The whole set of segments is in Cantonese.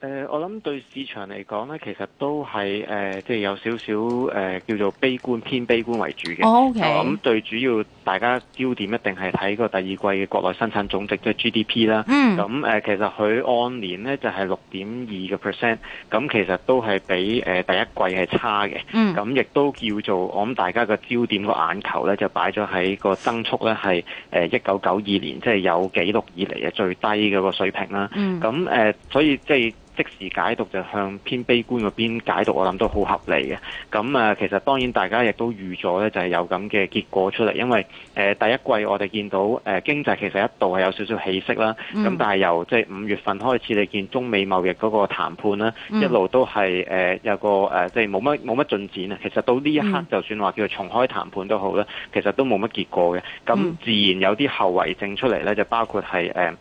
誒、呃，我諗對市場嚟講咧，其實都係誒，即、呃、係、就是、有少少誒，叫做悲觀，偏悲觀為主嘅。OK，咁最主要。大家焦點一定係睇個第二季嘅國內生產總值，即係 GDP 啦。咁其實佢按年咧就係六點二嘅 percent，咁其實都係比第一季係差嘅。咁亦都叫做我諗大家嘅焦點個眼球咧，就擺咗喺個增速咧，係誒一九九二年即係有記錄以嚟嘅最低嘅個水平啦。咁、嗯、所以即係即時解讀就向偏悲觀嗰邊解讀，我諗都好合理嘅。咁其實當然大家亦都預咗咧，就係有咁嘅結果出嚟，因為誒、呃、第一季我哋見到誒、呃、經濟其實一度係有少少起色啦，咁、嗯、但係由即係五月份開始，你見中美貿易嗰個談判啦，嗯、一路都係誒、呃、有個誒即係冇乜冇乜進展啊。其實到呢一刻，嗯、就算話叫做重開談判都好啦，其實都冇乜結果嘅。咁自然有啲後遺症出嚟咧，就包括係誒、呃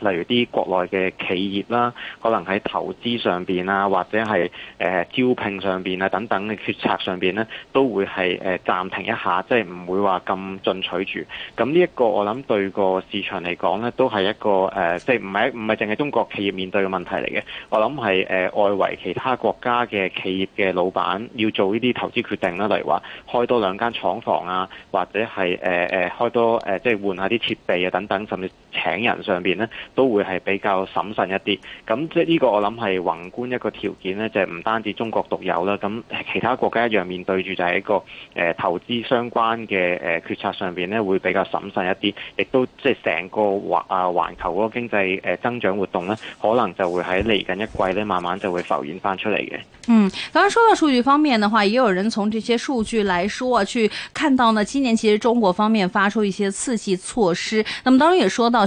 例如啲國內嘅企業啦，可能喺投資上面啊，或者係誒、呃、招聘上面啊，等等嘅決策上面咧，都會係、呃、暫停一下，即係唔會話咁進取住。咁呢一個我諗對個市場嚟講咧，都係一個誒，即係唔係唔係淨係中國企業面對嘅問題嚟嘅。我諗係誒外圍其他國家嘅企業嘅老闆要做呢啲投資決定啦，例如話開多兩間廠房啊，或者係誒、呃、開多即係、呃即係、換下啲設備啊等等，甚至，請人上邊呢都會係比較審慎一啲，咁即係呢個我諗係宏觀一個條件呢就係、是、唔單止中國獨有啦，咁其他國家一樣面對住就係一個誒、呃、投資相關嘅誒決策上邊呢會比較審慎一啲，亦都即係成個環啊環球嗰個經濟增長活動呢可能就會喺嚟緊一季呢慢慢就會浮現返出嚟嘅。嗯，剛剛講到數據方面嘅話，也有人從這些數據嚟說去看到呢，今年其實中國方面發出一些刺激措施，那麼當然也說到。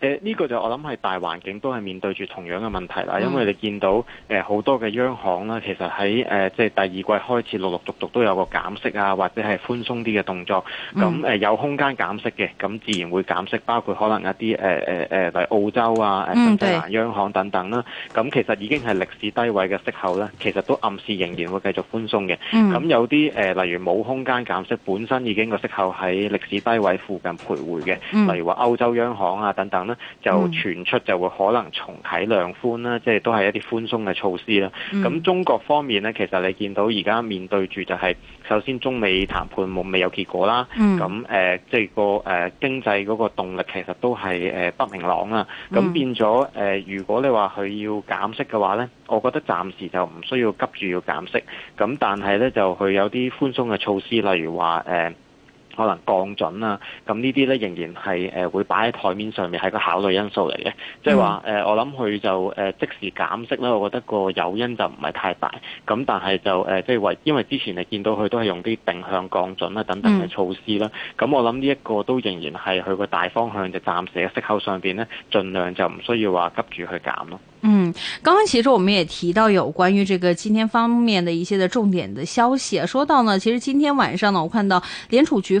誒呢個就我諗係大環境都係面對住同樣嘅問題啦，因為你見到誒好多嘅央行啦，其實喺誒即係第二季開始陸陸續續都有個減息啊，或者係寬鬆啲嘅動作。咁誒有空間減息嘅，咁自然會減息。包括可能一啲誒、呃呃、例如澳洲啊、新西蘭央行等等啦。咁其實已經係歷史低位嘅息口啦，其實都暗示仍然會繼續寬鬆嘅。咁有啲誒、呃，例如冇空間減息，本身已經個息口喺歷史低位附近徘徊嘅，例如話歐洲央行啊等等。嗯、就傳出就會可能重啟量寬啦，即、就、係、是、都係一啲寬鬆嘅措施啦。咁、嗯、中國方面呢，其實你見到而家面對住就係、是、首先中美談判冇未有結果啦。咁誒、嗯，即係、呃就是這個誒、呃、經濟嗰個動力其實都係、呃、不明朗啦。咁變咗、呃、如果你話佢要減息嘅話呢，我覺得暫時就唔需要急住要減息。咁但係呢，就佢有啲寬鬆嘅措施，例如話誒、呃可能降準啦、啊，咁呢啲咧仍然係誒、呃、會擺喺台面上面係個考慮因素嚟嘅，就是嗯呃呃，即係話，誒我諗佢就誒即時減息啦，我覺得個誘因就唔係太大，咁但係就誒即係話，因為之前你見到佢都係用啲定向降準啊等等嘅措施啦，咁、嗯、我諗呢一個都仍然係佢個大方向就暫時嘅息口上邊咧，盡量就唔需要話急住去減咯。嗯，剛剛其實我們也提到有關於這個今天方面的一些嘅重點的消息，啊，說到呢，其實今天晚上呢，我看到聯儲局。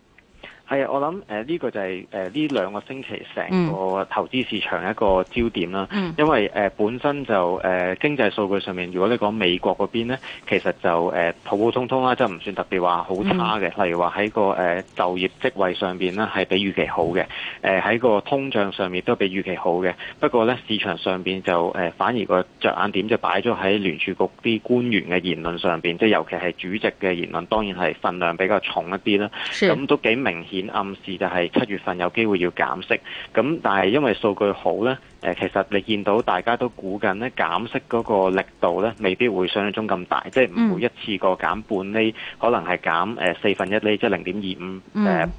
係啊，我諗誒呢個就係誒呢兩個星期成個投資市場一個焦點啦。嗯、因為誒、呃、本身就誒、呃、經濟數據上面，如果你講美國嗰邊咧，其實就誒、呃、普普通通啦，即係唔算特別話好差嘅。嗯、例如話喺個誒、呃、就業職位上面咧，係比預期好嘅。誒、呃、喺個通脹上面都比預期好嘅。不過咧，市場上面就、呃、反而個着眼點就擺咗喺聯儲局啲官員嘅言論上面，即尤其係主席嘅言論，當然係份量比較重一啲啦。咁是都幾明顯。暗示就係七月份有機會要減息，咁但係因為數據好呢，誒其實你見到大家都估緊呢減息嗰個力度呢，未必會想像中咁大，即係唔會一次過減半厘，嗯、可能係減誒四分一厘，即係零點二五誒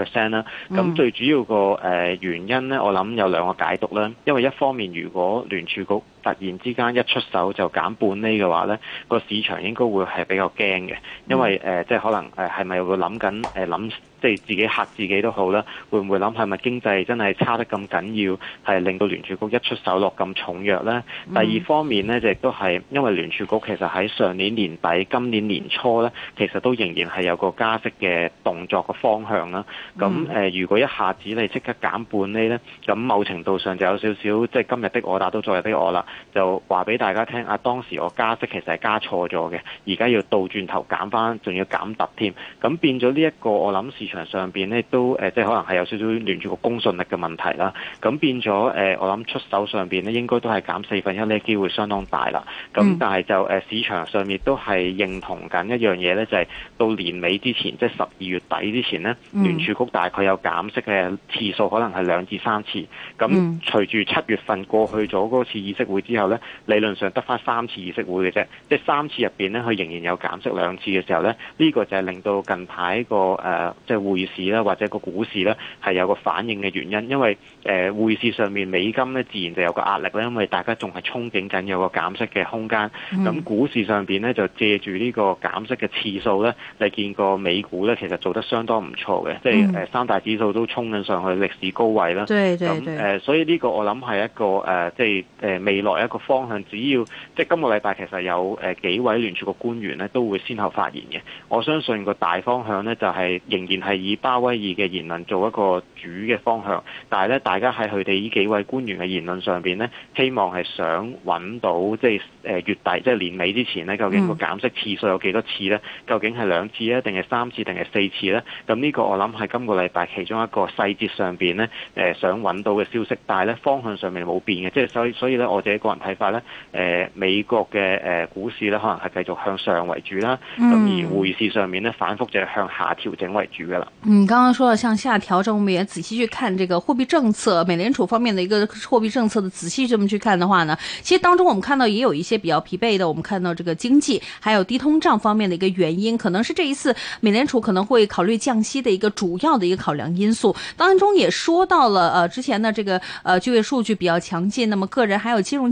誒 percent 啦。咁、嗯呃、最主要個誒原因呢，我諗有兩個解讀啦，因為一方面如果聯儲局突然之間一出手就減半厘嘅話呢，呢個市場應該會係比較驚嘅，因為、嗯呃、即可能誒係咪會諗緊諗即係自己嚇自己都好啦，會唔會諗係咪經濟真係差得咁緊要，係令到聯儲局一出手落咁重藥呢？嗯、第二方面就亦都係因為聯儲局其實喺上年年底、今年年初呢，其實都仍然係有個加息嘅動作嘅方向啦、啊。咁、呃、如果一下子你即刻減半厘呢咧，咁某程度上就有少少即係今日的我打到昨日的我啦。就話俾大家聽啊！當時我加息其實係加錯咗嘅，而家要倒轉頭減翻，仲要減突添，咁變咗呢一個我諗市場上面呢都、呃、即可能係有少少聯儲局公信力嘅問題啦。咁變咗、呃、我諗出手上面呢應該都係減四分一呢個機會相當大啦。咁但係就、啊、市場上面都係認同緊一樣嘢呢，就係、是、到年尾之前，即係十二月底之前呢，嗯、聯儲局大概有減息嘅次數可能係兩至三次。咁隨住七月份過去咗嗰次議息會。之後咧，理論上得返三次議息會嘅啫，即係三次入邊咧，佢仍然有減息兩次嘅時候咧，呢、這個就係令到近排個誒，即、呃、係、就是、匯市啦，或者個股市咧，係有個反應嘅原因，因為誒、呃、匯市上面美金咧，自然就有個壓力啦，因為大家仲係憧憬緊有個減息嘅空間。咁、嗯、股市上邊咧，就借住呢個減息嘅次數咧，你見個美股咧，其實做得相當唔錯嘅，嗯、即係誒三大指數都衝緊上去歷史高位啦。對對對，誒，所以呢個我諗係一個誒、呃，即係誒未來。一個方向，只要即係今個禮拜其實有幾位聯儲局官員咧都會先後發言嘅，我相信個大方向咧就係、是、仍然係以鮑威爾嘅言論做一個主嘅方向，但係咧大家喺佢哋呢幾位官員嘅言論上邊咧，希望係想揾到即係、就是、月底即係、就是、年尾之前咧，究竟個減息次數有幾多次咧？Mm. 究竟係兩次啊定係三次定係四次咧？咁呢個我諗係今個禮拜其中一個細節上邊咧誒想揾到嘅消息，但係咧方向上面冇變嘅，即係所所以咧我哋。個人睇法呢、呃，美國嘅、呃、股市呢，可能係繼續向上為主啦。咁、嗯、而匯市上面呢，反覆就係向下調整為主嘅啦。嗯，剛剛說到向下調整，我們也仔細去看這個貨幣政策，美聯儲方面的一個貨幣政策嘅仔細，這麼去看的話呢，其實當中我們看到也有一些比較疲憊的，我們看到這個經濟，還有低通脹方面的一個原因，可能是這一次美聯儲可能會考慮降息的一個主要的一個考量因素。當中也說到了，誒、呃、之前的這個誒、呃、就業數據比較強勁，那麼個人還有金融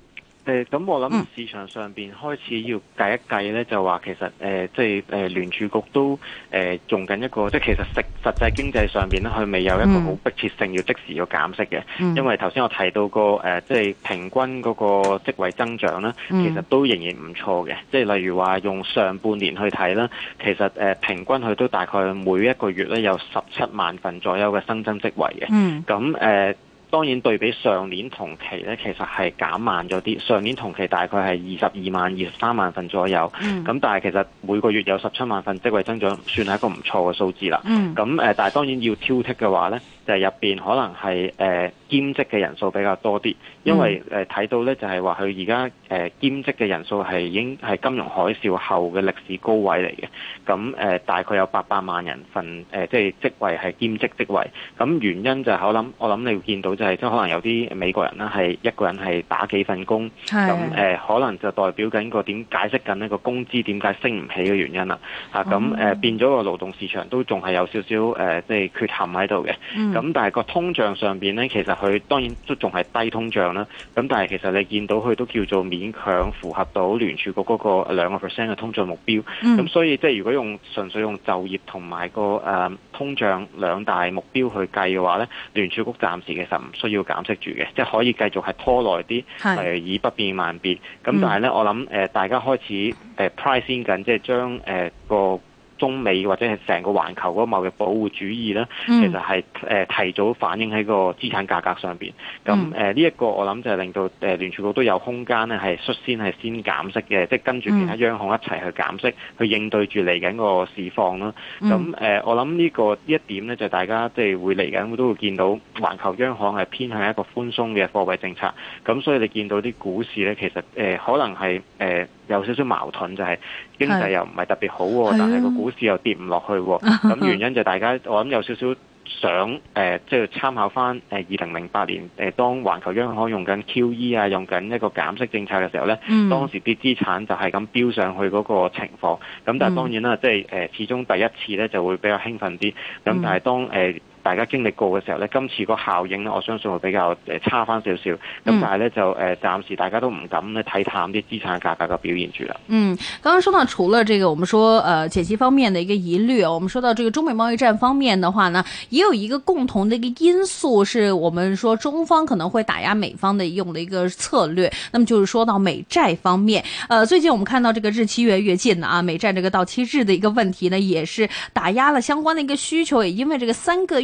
咁，嗯、我諗市場上面開始要計一計咧，就話其實即係誒聯儲局都誒、呃、用緊一個，即係其實食實際經濟上面呢，咧，佢未有一個好迫切性要即時要減息嘅，嗯、因為頭先我提到個，即係平均嗰個職位增長啦，其實都仍然唔錯嘅，即係、嗯、例如話用上半年去睇啦，其實、呃、平均佢都大概每一個月咧有十七萬份左右嘅新增職位嘅，咁誒、嗯。當然對比上年同期咧，其實係減慢咗啲。上年同期大概係二十二萬二十三萬份左右，咁、嗯、但係其實每個月有十七萬份職位增長，算係一個唔錯嘅數字啦。咁誒，但係當然要挑剔嘅話咧，就係入邊可能係誒。呃兼職嘅人數比較多啲，因為誒睇到咧就係話佢而家誒兼職嘅人數係已經係金融海嘯後嘅歷史高位嚟嘅，咁誒大概有八百萬人份誒，即係職位係兼職職位。咁原因就係我諗，我諗你會見到就係即係可能有啲美國人啦，係一個人係打幾份工，咁誒可能就代表緊個點解釋緊呢個工資點解升唔起嘅原因啦。嚇咁誒變咗個勞動市場都仲係有少少誒，即係缺陷喺度嘅。咁但係個通脹上邊咧，其實。佢當然都仲係低通脹啦，咁但係其實你見到佢都叫做勉強符合到聯儲局嗰個兩個 percent 嘅通脹目標，咁、嗯、所以即係如果用純粹用就業同埋個誒通脹兩大目標去計嘅話咧，聯儲局暫時其實唔需要減息住嘅，即、就、係、是、可以繼續係拖耐啲，係是以不變萬變。咁但係咧，嗯、我諗誒大家開始誒 pricing 緊，即係將誒、個。中美或者係成個環球嗰個貿易保護主義咧，其實係誒提早反映喺個資產價格上邊。咁誒呢一個我諗就係令到誒聯儲局都有空間咧，係率先係先減息嘅，即係跟住其他央行一齊去減息，去應對住嚟緊個市況啦。咁誒，我諗呢個一點咧，就係大家即係會嚟緊都會見到，環球央行係偏向一個寬鬆嘅貨幣政策。咁所以你見到啲股市咧，其實誒可能係誒。有少少矛盾就係、是、經濟又唔係特別好喎，是但係個股市又跌唔落去喎。咁、啊、原因就大家我諗有少少想誒，即、呃、係參考翻誒二零零八年誒、呃、當環球央行用緊 QE 啊，用緊一個減息政策嘅時候咧，嗯、當時啲資產就係咁飆上去嗰個情況。咁但係當然啦，嗯、即係誒始終第一次咧就會比較興奮啲。咁但係當、呃大家經歷過嘅時候呢，今次個效應呢，我相信會比較誒差翻少少。咁、嗯、但係呢，就誒暫時大家都唔敢咧睇淡啲資產價格嘅表現住啦。嗯，剛剛講到除了這個，我們說誒減息方面的一個疑慮，我們說到這個中美貿易戰方面的話呢，也有一個共同的一個因素，是我們說中方可能會打壓美方的用的一個策略。那麼就是說到美債方面，誒、呃、最近我們看到這個日期越嚟越近啦、啊，啊美債這個到期日的一個問題呢，也是打壓了相關的一個需求，也因為這個三個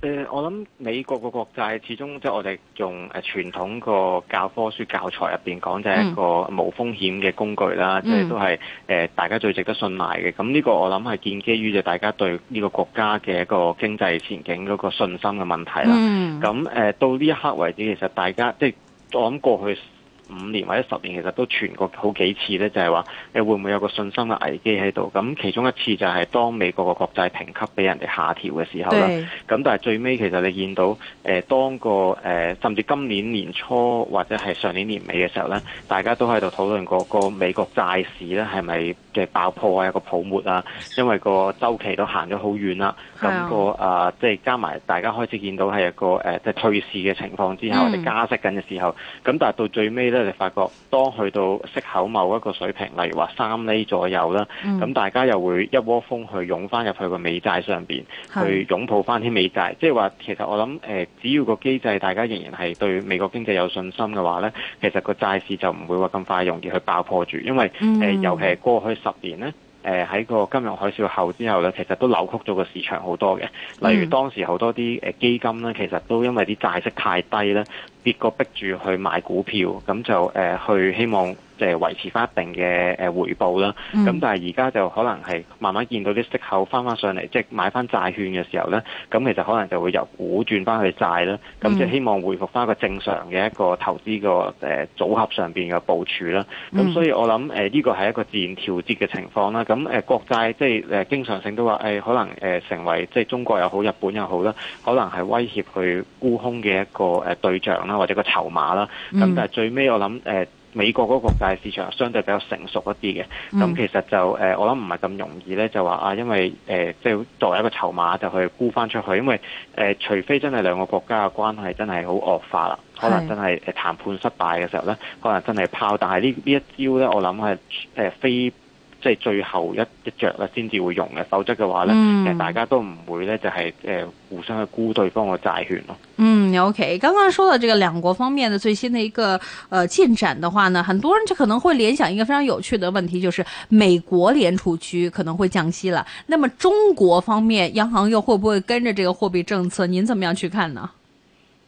呃、我諗美國個國債始終即係我哋用、呃、傳統個教科書教材入面講，就係一個無風險嘅工具啦，即係、嗯、都係、呃、大家最值得信賴嘅。咁呢個我諗係建基於就大家對呢個國家嘅一個經濟前景嗰個信心嘅問題啦。咁、嗯呃、到呢一刻為止，其實大家即係、就是、我諗過去五年或者十年，其實都傳過好幾次咧，就係話誒會唔會有個信心嘅危機喺度？咁其中一次就係當美國個國際評級俾人哋下調嘅時候啦。咁但係最尾其實你見到誒，當個誒，甚至今年年初或者係上年年尾嘅時候咧，大家都喺度討論嗰個美國債市咧係咪？嘅爆破啊，有個泡沫啊，因為個周期都行咗好遠啦，啊，咁，啊那個誒即係加埋大家開始見到係一個誒即係退市嘅情況之後，你、嗯、加息緊嘅時候，咁但係到最尾咧，你發覺當去到息口某一個水平，例如話三厘左右啦，咁，嗯、大家又會一窩蜂去湧翻入去個美債上邊，是去擁抱翻啲美債，即係話其實我諗誒、呃，只要個機制大家仍然係對美國經濟有信心嘅話咧，其實個債市就唔會話咁快容易去爆破住，因為誒、呃、尤其係過去，十年咧，誒喺個金融海嘯後之後咧，其實都扭曲咗個市場好多嘅。例如當時好多啲誒基金咧，其實都因為啲債息太低咧。別個逼住去買股票，咁就誒去希望誒維持翻一定嘅誒回報啦。咁、嗯、但係而家就可能係慢慢見到啲息口翻翻上嚟，即、就、係、是、買翻債券嘅時候呢，咁其實可能就會由股轉翻去債啦。咁就希望回復翻一個正常嘅一個投資個誒組合上邊嘅部署啦。咁、嗯、所以我諗誒呢個係一個自然調節嘅情況啦。咁誒國債即係誒經常性都話誒、哎、可能誒成為即係、就是、中國又好、日本又好啦，可能係威脅佢沽空嘅一個誒對象。或者個籌碼啦，咁、嗯、但係最尾我諗誒、呃、美國嗰個國際市場相對比較成熟一啲嘅，咁、嗯、其實就誒、呃、我諗唔係咁容易咧，就話啊，因為誒即係作為一個籌碼就去沽翻出去，因為誒、呃、除非真係兩個國家嘅關係真係好惡化啦，可能真係誒談判失敗嘅時候咧，是的 可能真係拋，但係呢呢一招咧我諗係誒非。即係最後一一着啦，先至會用嘅，否則嘅話呢，其實大家都唔會呢、就是，就係誒互相去估對方嘅債券咯。嗯，OK，剛剛說到這個兩國方面嘅最新的一個誒、呃、進展嘅話呢，很多人就可能會聯想一個非常有趣嘅問題，就是美國聯儲局可能會降息了，那麼中國方面央行又會不會跟着這個貨幣政策？您怎麼樣去看呢？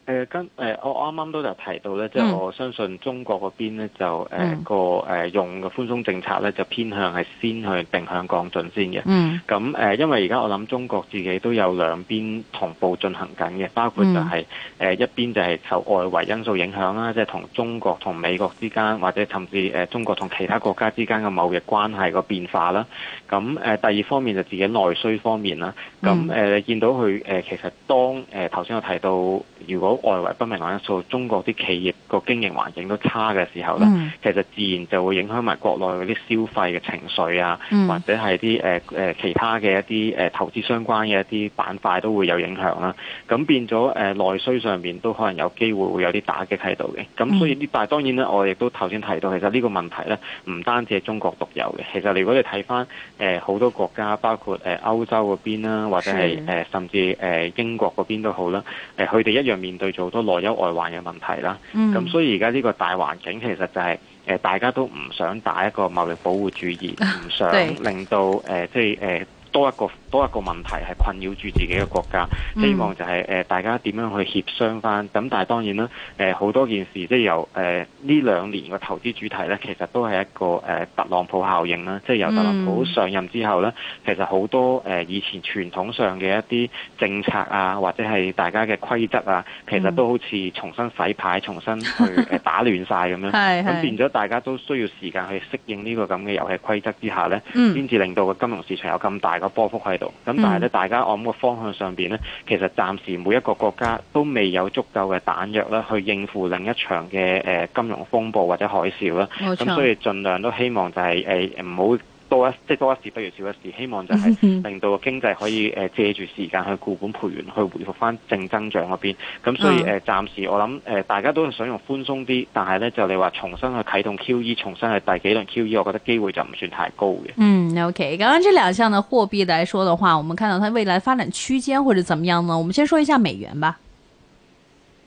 呃、跟、呃、我啱啱都有提到咧，即係、嗯、我相信中國嗰邊咧就誒個、呃嗯、用嘅寬鬆政策咧，就偏向係先去定向降準先嘅。咁誒、嗯呃，因為而家我諗中國自己都有兩邊同步進行緊嘅，包括就係、是嗯、一邊就係受外圍因素影響啦，即係同中國同美國之間，或者甚至、呃、中國同其他國家之間嘅貿易關係個變化啦。咁、呃、第二方面就自己內需方面啦。咁、呃、你見到佢、呃、其實當誒頭先我提到。如果外圍不明朗因素，中國啲企業個經營環境都差嘅時候咧，mm. 其實自然就會影響埋國內嗰啲消費嘅情緒啊，mm. 或者係啲、呃、其他嘅一啲呃、投資相關嘅一啲板塊都會有影響啦。咁變咗、呃、內需上面都可能有機會會有啲打擊喺度嘅。咁所以、mm. 呢，但係當然咧，我亦都頭先提到，其實呢個問題咧唔單止係中國獨有嘅。其實如果你睇翻好多國家，包括誒、呃、歐洲嗰邊啦，或者係、呃、甚至、呃、英國嗰邊都好啦，呃、佢哋一樣。面對咗好多內憂外患嘅問題啦，咁、嗯、所以而家呢個大環境其實就係、是、誒、呃，大家都唔想打一個貿易保護主義，唔想令到誒，即係誒。多一個多一個問題係困擾住自己嘅國家，嗯、希望就係、係呃、大家點樣去協商翻。咁但係當然啦，好、呃、多件事即係由誒呢兩年嘅投資主題呢，其實都係一個、呃、特朗普效應啦，即係由特朗普上任之後呢，嗯、其實好多、呃、以前傳統上嘅一啲政策啊，或者係大家嘅規則啊，其實都好似重新洗牌、嗯、重新去 打亂曬咁樣，咁是是 變咗大家都需要時間去適應呢個咁嘅遊戲規則之下呢，先至、嗯、令到個金融市場有咁大。有波幅喺度，咁、嗯、但係咧，大家按個方向上邊咧，其實暫時每一個國家都未有足夠嘅彈藥咧，去應付另一場嘅誒金融風暴或者海嘯啦。咁冇錯，所以盡量都希望就係誒唔好。多一即多一事不如少一事，希望就係令到經濟可以誒借住時間去固本培元，去回復翻正增長嗰邊。咁所以誒暫時我諗誒大家都想用寬鬆啲，但係咧就你是話重新去啟動 QE，重新去第幾輪 QE，我覺得機會就唔算太高嘅。嗯，OK。咁啊，這兩項嘅貨幣來說嘅話，我們看到它未來發展區間或者怎麼樣呢？我們先說一下美元吧。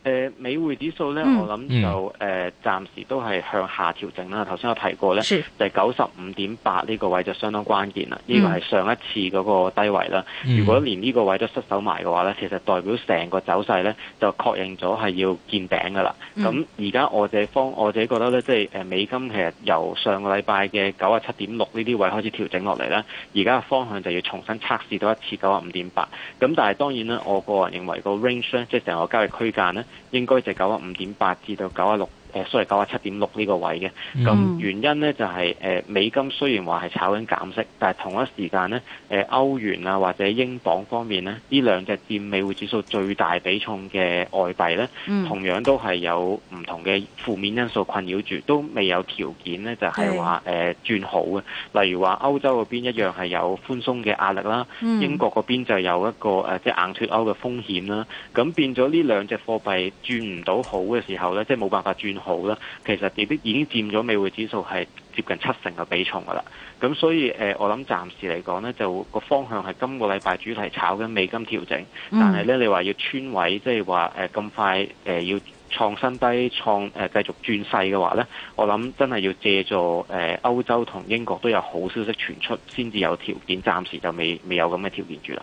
誒美匯指數咧，嗯、我諗就誒暫、嗯呃、時都係向下調整啦。頭先我提過咧，是就九十五點八呢個位就相當關鍵啦。呢個係上一次嗰個低位啦。嗯、如果連呢個位都失守埋嘅話咧，其實代表成個走勢咧就確認咗係要見頂噶啦。咁而家我哋方，我自己覺得咧，即、就、係、是、美金其實由上個禮拜嘅九啊七點六呢啲位開始調整落嚟啦。而家嘅方向就要重新測試到一次九啊五點八。咁但係當然呢，我個人認為個 range 呢，即係成個交易區間咧。應該就九啊五九十五點八至到九十六。誒所以九啊七點六呢個位嘅，咁原因咧就係、是、誒、呃、美金雖然話係炒緊減息，但同一時間咧誒、呃、歐元啊或者英鎊方面咧，呢兩隻佔美匯指數最大比重嘅外幣咧，嗯、同樣都係有唔同嘅負面因素困擾住，都未有條件咧就係話誒轉好嘅。例如話歐洲嗰邊一樣係有寬鬆嘅壓力啦，嗯、英國嗰邊就有一個、呃、即係硬脱歐嘅風險啦。咁變咗呢兩隻貨幣轉唔到好嘅時候咧，即係冇辦法轉。好啦，嗯、其實亦都已經佔咗美匯指數係接近七成嘅比重噶啦。咁所以誒，我諗暫時嚟講呢，就個方向係今個禮拜主題炒緊美金調整。但係呢，你話要穿位，即係話誒咁快誒、呃、要創新低、創誒、呃、繼續轉勢嘅話呢，我諗真係要借助誒、呃、歐洲同英國都有好消息傳出，先至有條件。暫時就未未有咁嘅條件住啦。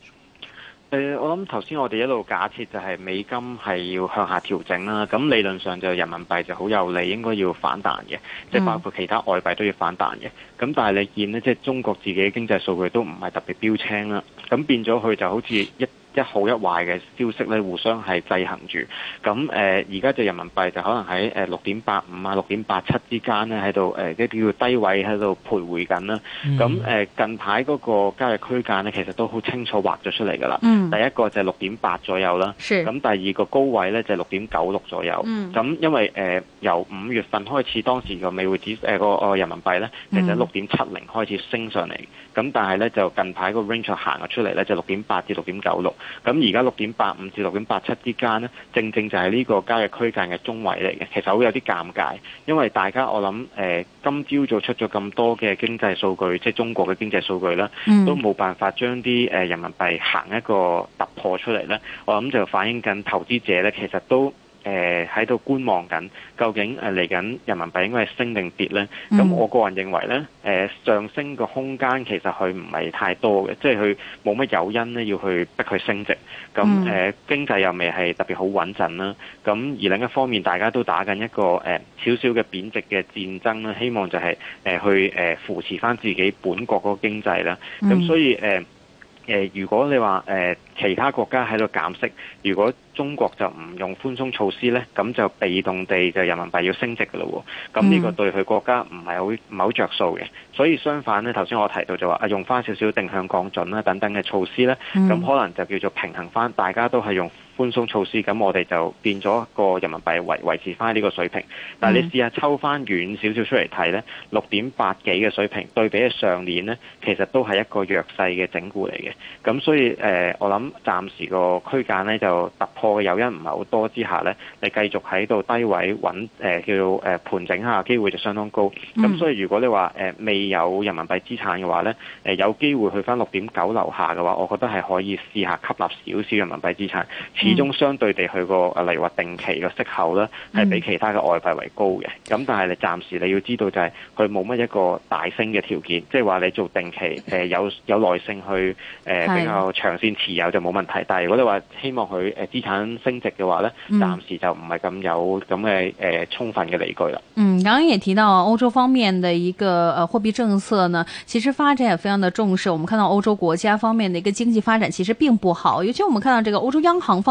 誒，我諗頭先我哋一路假設就係美金係要向下調整啦，咁理論上就人民幣就好有利應該要反彈嘅，即係、嗯、包括其他外幣都要反彈嘅。咁但係你見呢，即係中國自己經濟數據都唔係特別標青啦，咁變咗佢就好似一一好一壞嘅消息咧，互相係制衡住。咁誒，而家就人民幣就可能喺誒六點八五啊、六點八七之間咧，喺度誒，即係叫低位喺度徘徊緊啦。咁、嗯呃、近排嗰個交易區間咧，其實都好清楚畫咗出嚟㗎啦。嗯、第一個就係六點八左右啦。咁是第二個高位咧就係六點九六左右。咁、嗯、因為、呃、由五月份開始，當時個美匯指誒、呃那個人民幣咧，其實六點七零開始升上嚟。咁、嗯、但係咧，就近排個 range 行咗出嚟咧，就六點八至六點九六。咁而家六點八五至六點八七之間呢，正正就係呢個交易區間嘅中位嚟嘅。其實會有啲尷尬，因為大家我諗誒、呃，今朝早出咗咁多嘅經濟數據，即係中國嘅經濟數據啦，都冇辦法將啲誒人民幣行一個突破出嚟呢，我諗就反映緊投資者呢，其實都。誒喺度觀望緊，究竟誒嚟緊人民幣應該係升定跌咧？咁、嗯、我個人認為咧，誒、呃、上升個空間其實佢唔係太多嘅，即係佢冇乜誘因咧要去逼佢升值。咁誒、呃、經濟又未係特別好穩陣啦。咁而另一方面，大家都打緊一個誒少少嘅貶值嘅戰爭啦，希望就係誒去誒扶持翻自己本國嗰個經濟啦。咁、嗯、所以誒。呃誒、呃，如果你話誒、呃，其他國家喺度減息，如果中國就唔用寬鬆措施咧，咁就被動地就人民幣要升值嘅咯喎，咁呢個對佢國家唔係好唔好着數嘅，所以相反咧，頭先我提到就話啊，用翻少少定向降準啦等等嘅措施咧，咁、嗯、可能就叫做平衡翻，大家都係用。寬鬆措施，咁我哋就變咗個人民幣維維持翻呢個水平。但係你試下抽翻遠少少出嚟睇呢，六點八幾嘅水平對比喺上年呢，其實都係一個弱勢嘅整固嚟嘅。咁所以誒，我諗暫時個區間呢，就突破嘅原因唔係好多之下呢，你繼續喺度低位穩誒，叫做誒盤整下機會就相當高。咁、mm. 所以如果你話誒未有人民幣資產嘅話呢，誒有機會去翻六點九樓下嘅話，我覺得係可以試下吸納少少人民幣資產。始終、嗯、相對地，佢個例如話定期嘅息口咧，係比其他嘅外幣為高嘅。咁、嗯、但係你暫時你要知道就係佢冇乜一個大升嘅條件，即係話你做定期、呃、有有耐性去誒、呃、比較長線持有就冇問題。的但係如果你話希望佢誒資產升值嘅話咧，嗯、暫時就唔係咁有咁嘅、呃、充分嘅理據啦。嗯，剛剛也提到歐洲方面嘅一個誒貨幣政策呢，其實發展也非常的重視。我們看到歐洲國家方面嘅一個經濟發展其實並不好，尤其我們看到這個歐洲央行方。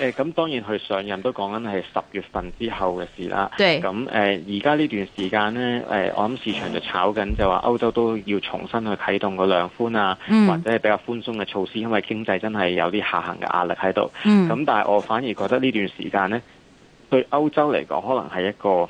誒咁、呃、當然佢上任都講緊係十月份之後嘅事啦。對，咁誒而家呢段時間呢，誒、呃、我諗市場就炒緊就話歐洲都要重新去啟動個量寬啊，嗯、或者係比較寬鬆嘅措施，因為經濟真係有啲下行嘅壓力喺度。咁、嗯嗯、但係我反而覺得呢段時間呢，對歐洲嚟講可能係一個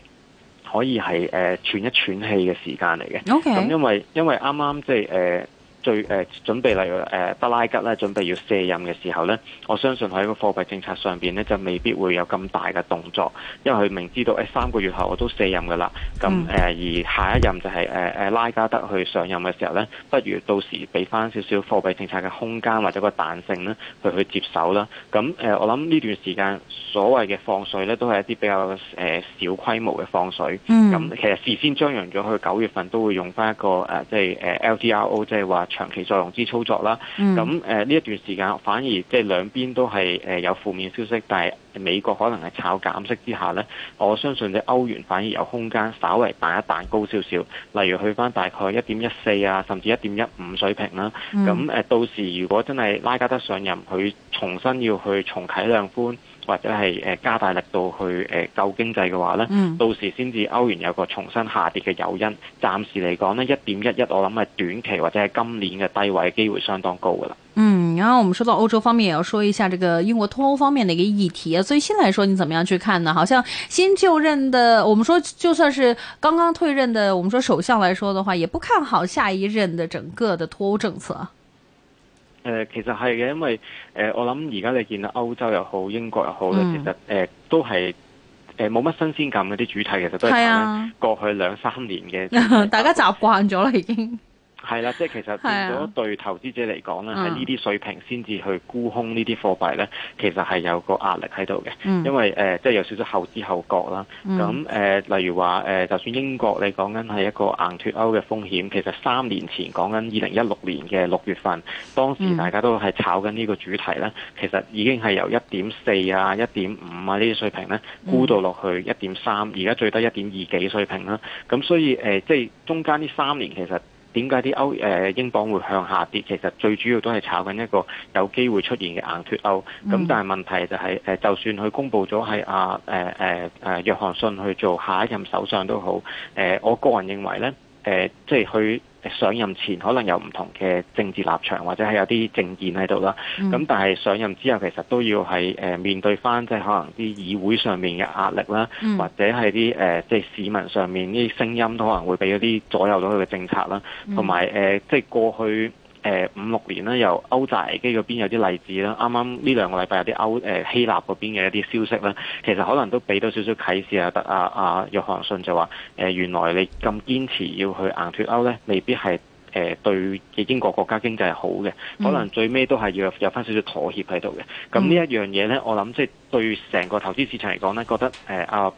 可以係誒、呃呃、喘一喘氣嘅時間嚟嘅。O K，咁因為因為啱啱即係誒。呃最誒、呃、準備，例如誒德拉吉咧準備要卸任嘅時候咧，我相信喺個貨幣政策上面咧就未必會有咁大嘅動作，因為佢明知道誒、欸、三個月後我都卸任噶啦，咁誒、呃、而下一任就係、是、誒、呃、拉加德去上任嘅時候咧，不如到時俾翻少少貨幣政策嘅空間或者個彈性呢，去去接手啦。咁誒、呃、我諗呢段時間所謂嘅放水咧都係一啲比較誒、呃、小規模嘅放水，咁、嗯、其實事先張揚咗佢九月份都會用翻一個誒、呃、即係誒 LDRO，即係話。呃 L T R o，長期再融資操作啦，咁、誒、呢一段時間反而即係兩邊都係誒、有負面消息，但係美國可能係炒減息之下呢，我相信嘅歐元反而有空間，稍微彈一彈高少少，例如去翻大概一點一四啊，甚至一點一五水平啦。咁誒、嗯、到時如果真係拉加德上任，佢重新要去重啟量寬。或者係誒加大力度去誒救經濟嘅話咧，嗯、到時先至歐元有個重新下跌嘅誘因。暫時嚟講呢，一點一一我諗係短期或者係今年嘅低位機會相當高嘅啦。嗯，然後我們說到歐洲方面，也要說一下這個英國脫歐方面嘅一個議題。最新嚟講，你怎麼樣去看呢？好像新就任的，我們說就算是剛剛退任的，我們說首相來說的話，也不看好下一任的整個的脫歐政策。誒、呃、其實係嘅，因為誒、呃、我諗而家你見到，歐洲又好，英國又好咧，嗯、其實誒、呃、都係誒冇乜新鮮感嗰啲主題，其實都係過去兩三年嘅，嗯、 大家習慣咗啦已經。係啦，即係其實如果對投資者嚟講咧，喺呢啲水平先至去沽空呢啲貨幣咧，其實係有個壓力喺度嘅，嗯、因為誒即係有少少後知後覺啦。咁誒、嗯呃，例如話誒、呃，就算英國你講緊係一個硬脱歐嘅風險，其實三年前講緊二零一六年嘅六月份，當時大家都係炒緊呢個主題咧，嗯、其實已經係由一點四啊、一點五啊呢啲水平咧沽到落去一點三，而家最低一點二幾水平啦。咁所以誒，即、呃、係、就是、中間呢三年其實。點解啲歐誒英鎊會向下跌？其實最主要都係炒緊一個有機會出現嘅硬脱歐。咁、mm. 但係問題就係、是、誒，就算佢公佈咗係阿誒誒誒約翰遜去做下一任首相都好。誒、呃，我個人認為咧，誒、呃，即係佢。上任前可能有唔同嘅政治立場，或者係有啲政見喺度啦。咁、嗯、但係上任之後，其實都要係誒面對返即係可能啲議會上面嘅壓力啦，嗯、或者係啲誒即係市民上面啲聲音，都可能會俾一啲左右到佢嘅政策啦。同埋誒，即係、呃就是、過去。誒、呃、五六年咧，由歐債危機嗰邊有啲例子啦。啱啱呢兩個禮拜有啲歐誒、呃、希臘嗰邊嘅一啲消息啦。其實可能都俾到少少啟示啊。特啊啊約翰遜就話、呃：原來你咁堅持要去硬脱歐咧，未必係、呃、對英國國家經濟係好嘅，嗯、可能最尾都係要有翻少少妥協喺度嘅。咁呢一樣嘢咧，我諗即係對成個投資市場嚟講咧，覺得誒、呃、啊。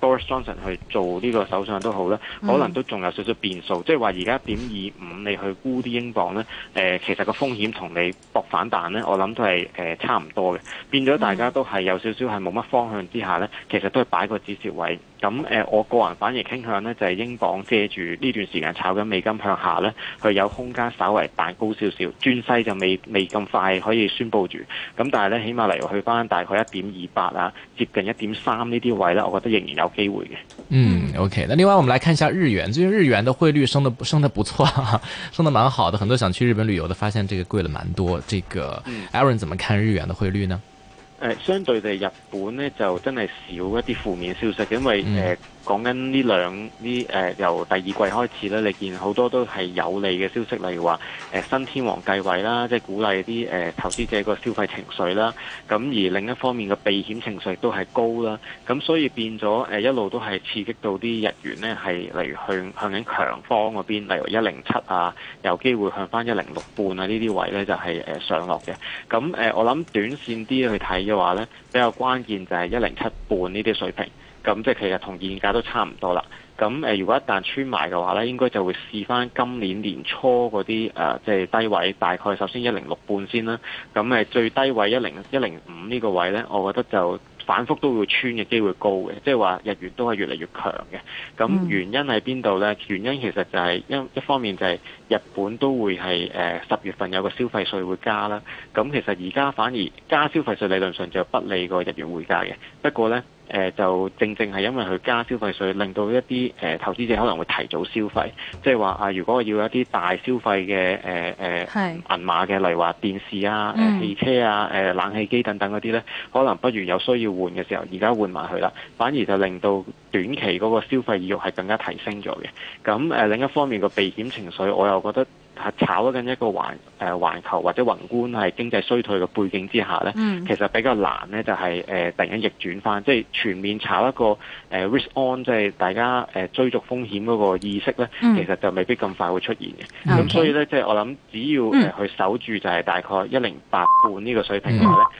Boris Johnson 去做呢個首相都好啦，可能都仲有少少變數，即係話而家點二五你去沽啲英鎊呢、呃？其實個風險同你搏反彈呢，我諗都係、呃、差唔多嘅，變咗大家都係有少少係冇乜方向之下呢，其實都係擺個止蝕位。咁誒、呃，我個人反而傾向咧，就係、是、英鎊借住呢段時間炒緊美金向下咧，佢有空間稍微彈高少少。專西就未未咁快可以宣布住，咁但係咧，起碼嚟去翻大概一點二八啊，接近一點三呢啲位咧，我覺得仍然有機會嘅。嗯，OK。那另外我們來看一下日元，最近日元的匯率升得升得不錯、啊，升得蠻好的。很多想去日本旅遊的，發現這個貴了蠻多。這個 Aaron 怎麼看日元的匯率呢？呃、相對地，日本呢就真係少一啲負面消息，因為、嗯呃講緊呢兩呢誒由第二季開始咧，你見好多都係有利嘅消息，例如話、呃、新天皇繼位啦，即係鼓勵啲誒投資者個消費情緒啦。咁而另一方面嘅避險情緒都係高啦。咁所以變咗、呃、一路都係刺激到啲日元咧，係例如去向緊強方嗰邊，例如一零七啊，有機會向翻一零六半啊呢啲位咧就係、呃、上落嘅。咁、呃、我諗短線啲去睇嘅話咧，比較關鍵就係一零七半呢啲水平。咁即係其實同現價都差唔多啦。咁如果一旦穿埋嘅話咧，應該就會試翻今年年初嗰啲即係低位，大概首先一零六半先啦。咁誒最低位一零一零五呢個位咧，我覺得就反覆都會穿嘅機會高嘅，即係話日元都係越嚟越強嘅。咁原因喺邊度咧？原因其實就係因一,一方面就係日本都會係誒十月份有個消費稅會加啦。咁其實而家反而加消費稅理論上就不利個日元匯價嘅。不過咧。誒、呃、就正正係因為佢加消費稅，令到一啲誒、呃、投資者可能會提早消費，即係話啊，如果要一啲大消費嘅誒誒銀碼嘅，例如話電視啊、呃、汽車啊、誒、呃、冷氣機等等嗰啲咧，可能不如有需要換嘅時候，而家換埋佢啦，反而就令到短期嗰個消費意欲係更加提升咗嘅。咁誒、呃、另一方面個避險情緒，我又覺得。係炒緊一個環誒環球或者宏觀係經濟衰退嘅背景之下咧，嗯、其實比較難咧、就是，就係誒突然間逆轉翻，即、就、係、是、全面炒一個誒、呃、risk on，即係大家誒、呃、追逐風險嗰個意識咧，嗯、其實就未必咁快會出現嘅。咁、嗯、所以咧，即、就、係、是、我諗，只要誒、嗯、去守住就係大概一零八半呢個水平嘅話咧。嗯嗯